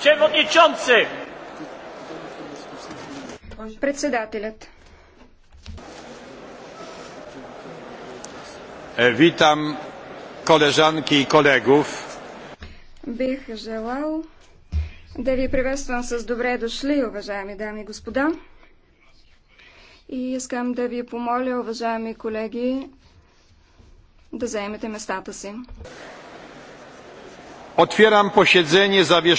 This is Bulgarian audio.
Przewodniczący! Председателят. E, witam koleżanki i kolegów. Бих желал да ви приветствам с добре дошли, уважаеми дами и господа. И искам да ви помоля, уважаеми колеги, да заемете местата си. Otwieram за zawieszone.